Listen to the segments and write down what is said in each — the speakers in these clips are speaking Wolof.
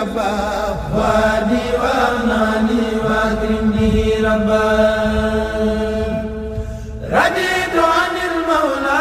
ربا وادي وارناني واكرمني ربا رديت عن المولى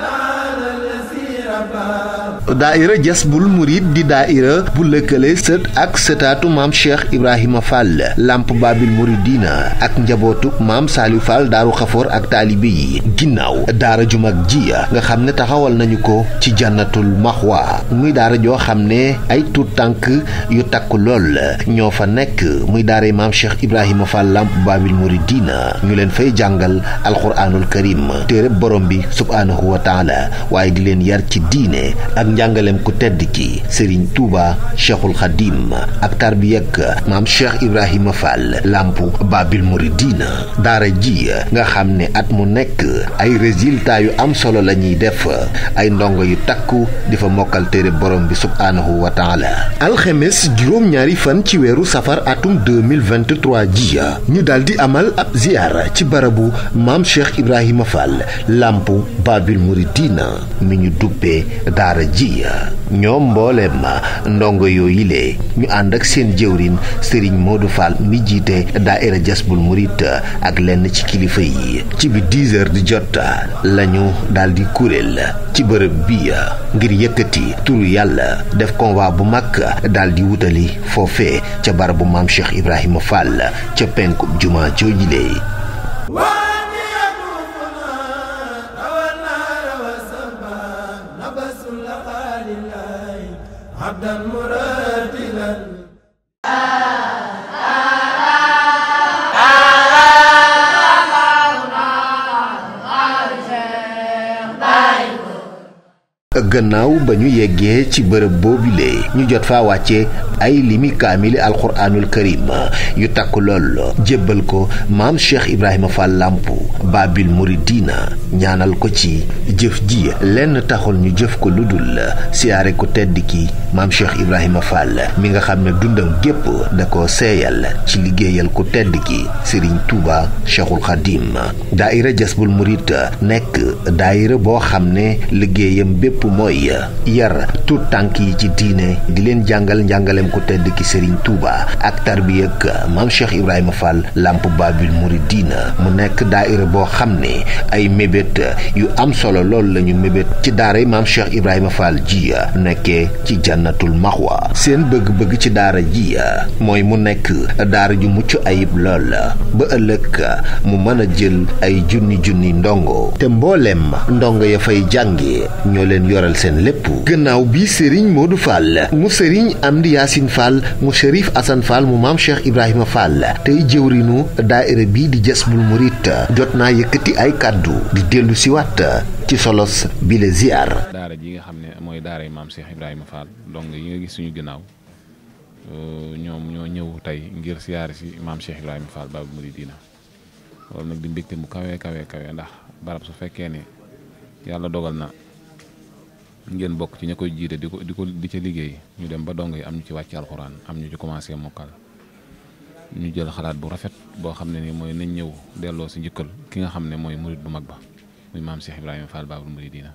تعالى الذي ربا daaira jasbul murid di daaira bu lëkkale sët ak sëtaatu maam cheikh ibrahima fall lamp babil muridina ak njabootuk maam saaliu fall daaru xafoor ak taalibe yi ginnaaw daara ju mag ji nga xam ne taxawal nañu ko ci jannatul maxwa muy daara joo xam ne ay tuut tànk yu takk lool ñoo fa nekk muy daara maam cheikh ibrahima fall lamp babil muridina ñu leen fay jàngal alquraanul karim téereb borom bi subhaanahu wa waaye di leen yar ci diine njàngaleem ku tedd ki Serigne Touba Cheikhul Khadim ak tarbiyek maam Cheikh Ibrahima Fall lamp Babil Mouridina daara ji nga xam ne at mu nekk ay résultats yu am solo la ñuy def ay ndongo yu takku di fa mokkal téere borom bi subhaanahu wa taala alxemes juróom-ñaari fan ci weeru safar atum 2023 ji ñu daldi amal ab ziyaar ci barabu maam Cheikh Ibrahima Fall lamp Babil Mouridina mi ñu dubbee daara ji ñoom mbooleem ndongo yooyu le ñu ànd ak seen jëwrin Serigne Modou Fall mi jiite daaira Jasbul Murit ak lenn ci kilifa yi ci bi 10 heures di jot lañu daldi di ci bërëb bi ngir yëkkati turu yàlla def convoi bu mag daal di wutali foofe ca barabu maam Cheikh Ibrahima Fall ca penkub juma joojile abdan muratilan gannaaw ba ñu yeggee ci bërëb boobule ñu jot faa wàcce ay limi kaamili alxuraanul karim yu takk lool jébbal ko maam Cheikh Ibrahima Fall Lamp Babil Mouridina ñaanal ko ci jëf ji lenn taxul ñu jëf ko lu dul siyaare ko tedd ki maam Cheikh Ibrahima Fall mi nga xam ne dundam gépp da ko seeyal ci liggéeyal ku tedd ki Serigne Touba Cheikhul Khadim daayira Jasbul Murid nekk daayira boo xam ne liggéeyam bépp mooy yar tuut tànk yi ci diine di leen jàngal njàngaleem ko tedd ki Serigne Touba ak tarbiya ak maam Cheikh Ibrahima Fall Lamp Babil Mouridina mu nekk daa daayira boo xam ne ay mébét yu am solo loolu la ñu mébét ci daara maam Cheikh Ibrahima Fall ji nekkee ci janatul max maxwa seen bëgg-bëgg ci daara ji mooy mu nekk daara ju mucc ayib lool ba ëllëg mu mën a jël ay junni junni ndongo te mbooleem ndongo ya fay jànge ñoo leen yore waral seen lépp gannaaw bi Serigne Modou Fall mu Serigne Amdi Yaasin Fall mu Cherif Assane Fall mu maam Cheikh Ibrahima Fall tey jëwrinu daaira bii di Jazbul Murit jot naa yëkkati ay kàddu di dellu si waat ci solos bi la ziar. daara ji nga xam ne mooy daara yi maam Cheikh Ibrahima Fall donc yi nga gis suñu gannaaw euh, ñoom ñoo ñëw tey ngir siyaar si maam Cheikh Ibrahima Fall Baabul Muridiina loolu nag di mbégte mu kawe kawe kawe ndax barab su fekkee ne ngeen bokk ci ñu koy jiite di ko di ko di ca liggéey ñu dem ba dong yi am ñu ci wàcc alxuraan am ñu ci commencé mokkal ñu jël xalaat bu rafet boo xam ne ni mooy nañ ñëw delloo si njëkkal ki nga xam ne mooy murit bu mag ba muy maam Cheikh Ibrahima Fall Baabul Muridiina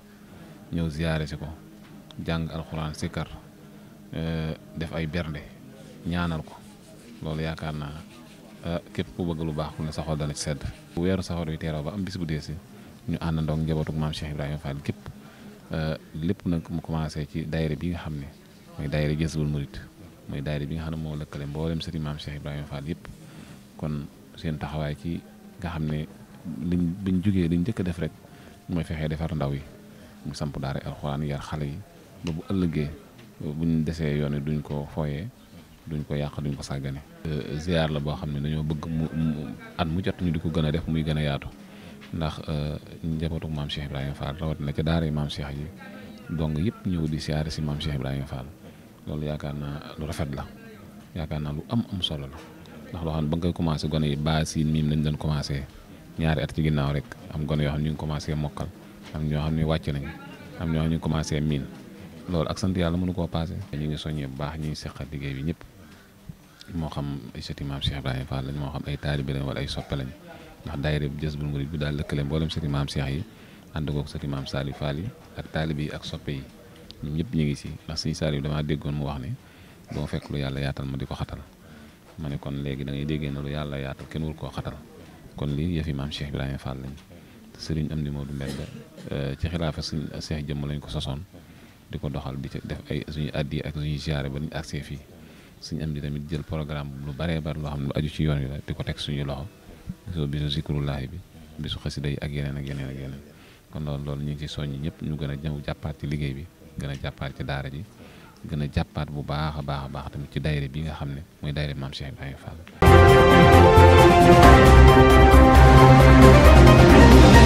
ñëw ziyaare si ko jàng alxuraan sikkar eh, def ay bernde ñaanal ko loolu yaakaar naa eh, képp ku bëgg lu baax ku ne saxool dana ci sedd. bu weeru safar wi teeroo ba am bis bu dee si ñu àndandoo ak njabootu maam Cheikh Ibrahima Fall képp. Euh, lépp nag mu commencé ci daayira bi nga xam ne mooy daayira Jazbul Murid mooy daayira bi nga xam ne moo lëkkale mboolem sëriñ maam Cheikh Ibrahima Fall yëpp kon seen taxawaay ci nga xam ne liñ buñ jugee liñ njëkk a def rek mooy fexe defar ndaw yi mu samp daara alxuraan yar xale yi ba bu ëllëgee buñ desee yoon wi duñ ko fooyee duñ ko yàq duñ ko sàggane euh, ziar la boo xam ne dañoo bëgg mu at mu jot ñu di ko gën a def muy gën a yaatu ndax euh, njabootu maam Cheikh Ibrahima Fall rawatina na daara yi maam Cheikh yi dong yëpp ñëw di siyaare si maam Cheikh Ibrahima Fall loolu yaakaar naa lu rafet la yaakaar naa lu am am solo la ndax loo xam ne ba nga koy commencé gone yi ba si miim lañ doon commencé ñaari at ci ginnaaw rek am gone yoo xam ne ñu ngi commencé mokkal am ñoo xam ni wàcc nañ am ñoo xam ne ñu commencé miin loolu ak sant yàlla mënu koo passé. ñu ngi soññee bu baax ñu ngi seqal liggéey bi ñëpp moo xam ay sëti maam Cheikh Ibrahima moo xam ay taalibe lañ wala ay soppe ndax daayira bu jës bu murit bi daal lëkkale mboolem sëti maam Cheikh yi ànd koog sëti maam Saliou Fall yi ak taalibe yi ak soppe yi ñoom ñëpp ñu ngi si ndax sëñ Saliou damaa déggoon mu wax ne boo fekk lu yàlla yaatal ma di ko xatal ma ne kon léegi da ngay déggee na lu yàlla yaatal kenn wul koo xatal kon lii yëfi maam Cheikh Ibrahima Fall am di moo Modou Mbend eh, ci xilaafa sëñ Cheikh jëmm lañ ko sosoon di ko doxal di ci def ay suñu addi ak suñu ba ñu agsee fii sëñ Amdi tamit jël programme lu baree bari loo xam ne aju ci yoon wi di ko teg suñu loxo bisu bisu zikrullahi bi bisu xasida yi ak yeneen ak yeneen ak yeneen kon loolu loolu ñu ngi ci soññ ñëpp ñu gën a ñëw jàppaat ci liggéey bi gën a jàppaat ci daara ji gën a jàppaat bu baax a baax a baax tamit ci daayira bi nga xam ne mooy daayira maam Cheikh Ibrahima Fall